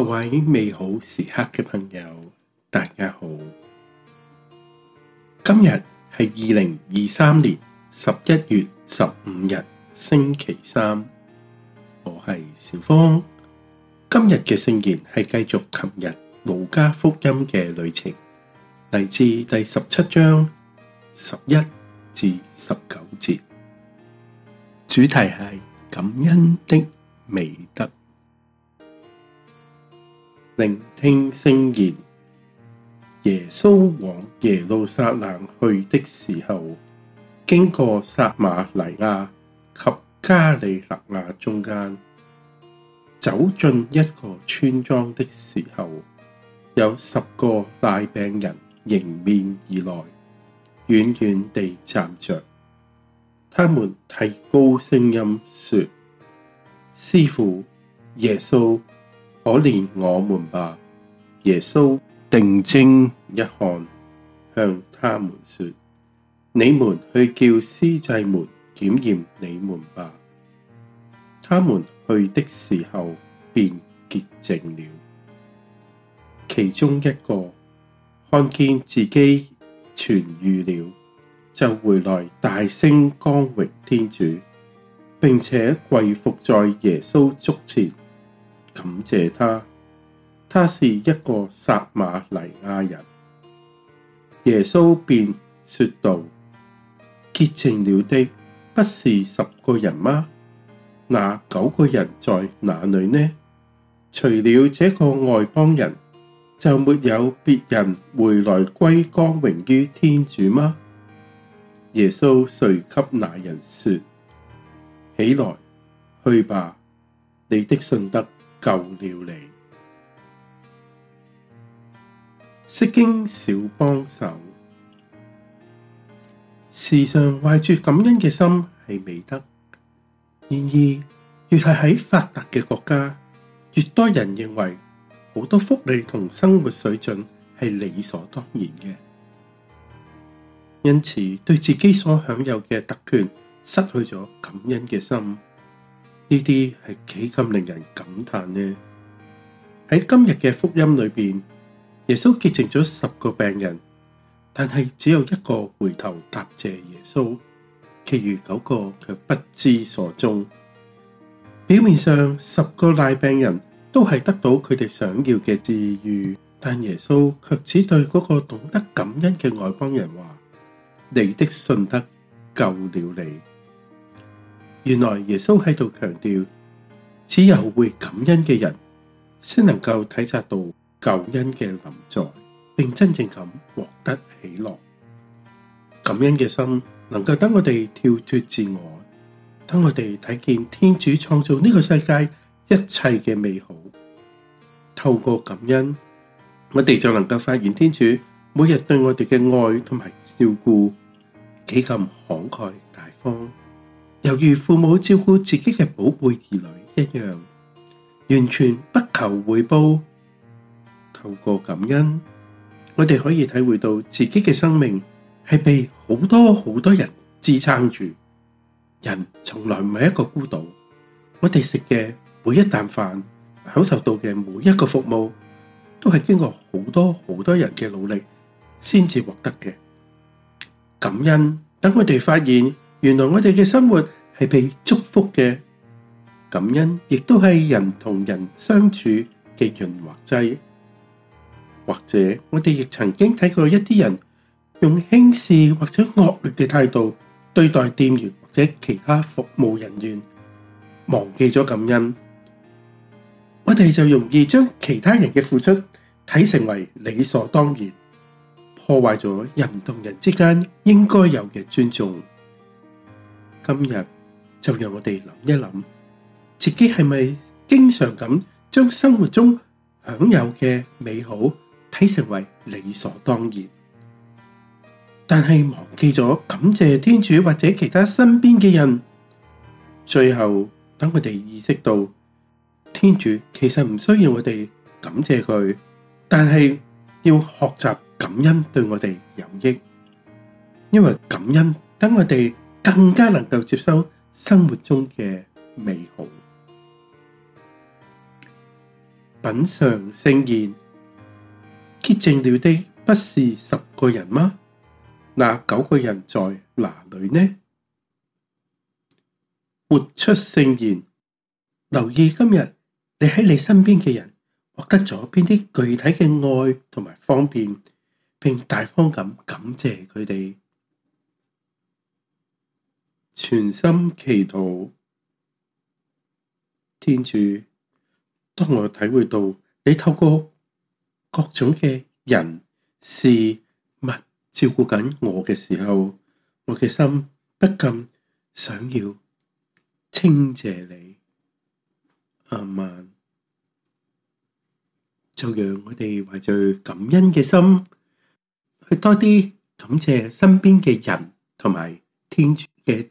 各位美好時刻嘅朋友，大家好！今日係二零二三年十一月十五日，星期三。我係小芳。今日嘅聖言係繼續琴日《路加福音》嘅旅程，嚟自第十七章十一至十九節。主題係感恩的美德。聆聽聖言。耶穌往耶路撒冷去的時候，經過撒瑪黎雅及加里肋亞中間，走進一個村莊的時候，有十個癩病人迎面而來，遠遠地站着。他們提高聲音說：「師傅，耶穌。可憐我們吧，耶穌定睛一看，向他們說：你們去叫司祭們檢驗你們吧。他們去的時候，便潔淨了。其中一個看見自己痊癒了，就回來大聲光榮天主，並且跪伏在耶穌足前。感謝他，他是一個撒瑪黎雅人。耶穌便說道：潔淨了的不是十個人嗎？那九個人在哪裏呢？除了這個外邦人，就沒有別人回來歸光榮於天主嗎？耶穌遂給那人說：起來，去吧，你的信德。救了你，釋經小幫手，時常懷住感恩嘅心係美德。然而，越係喺發達嘅國家，越多人認為好多福利同生活水準係理所當然嘅，因此對自己所享有嘅特權失去咗感恩嘅心。呢啲係幾咁令人感嘆呢？喺今日嘅福音裏邊，耶穌潔淨咗十個病人，但係只有一個回頭答謝耶穌，其餘九個卻不知所蹤。表面上，十個癩病人都係得到佢哋想要嘅治癒，但耶穌卻只對嗰個懂得感恩嘅外邦人話：「你的信德救了你。」原來耶穌喺度強調，只有會感恩嘅人，先能夠體察到救恩嘅臨在，並真正咁獲得喜樂。感恩嘅心，能夠等我哋跳脫自我，等我哋睇見天主創造呢個世界一切嘅美好。透過感恩，我哋就能夠發現天主每日對我哋嘅愛同埋照顧幾咁慷慨大方。猶如父母照顧自己嘅寶貝兒女一樣，完全不求回報。透過感恩，我哋可以體會到自己嘅生命係被好多好多人支撐住。人從來唔係一個孤島。我哋食嘅每一啖飯，享受到嘅每一個服務，都係經過好多好多人嘅努力先至獲得嘅。感恩，等我哋發現，原來我哋嘅生活。係被祝福嘅。感恩亦都係人同人相處嘅潤滑劑。或者我哋亦曾經睇過一啲人用輕視或者惡劣嘅態度對待店員或者其他服務人員，忘記咗感恩，我哋就容易將其他人嘅付出睇成為理所當然，破壞咗人同人之間應該有嘅尊重。今日。就讓我哋諗一諗，自己係咪經常咁將生活中享有嘅美好睇成為理所當然，但係忘記咗感謝天主或者其他身邊嘅人。最後等我哋意識到，天主其實唔需要我哋感謝佢，但係要學習感恩對我哋有益，因為感恩等我哋更加能夠接收。生活中嘅美好，品嚐聖言，潔淨了的不是十個人嗎？那九個人在哪裏呢？活出聖言，留意今日你喺你身邊嘅人獲得咗邊啲具體嘅愛同埋方便，並大方咁感謝佢哋。全心祈禱，天主，當我體會到你透過各種嘅人事物照顧緊我嘅時候，我嘅心不禁想要稱謝你。阿們，就讓我哋懷住感恩嘅心，去多啲感謝身邊嘅人同埋天主嘅。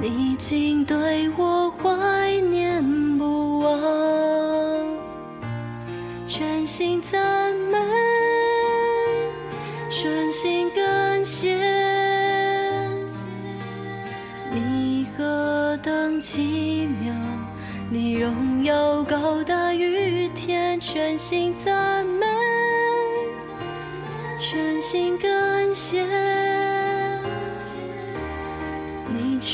你竟對我懷念不忘。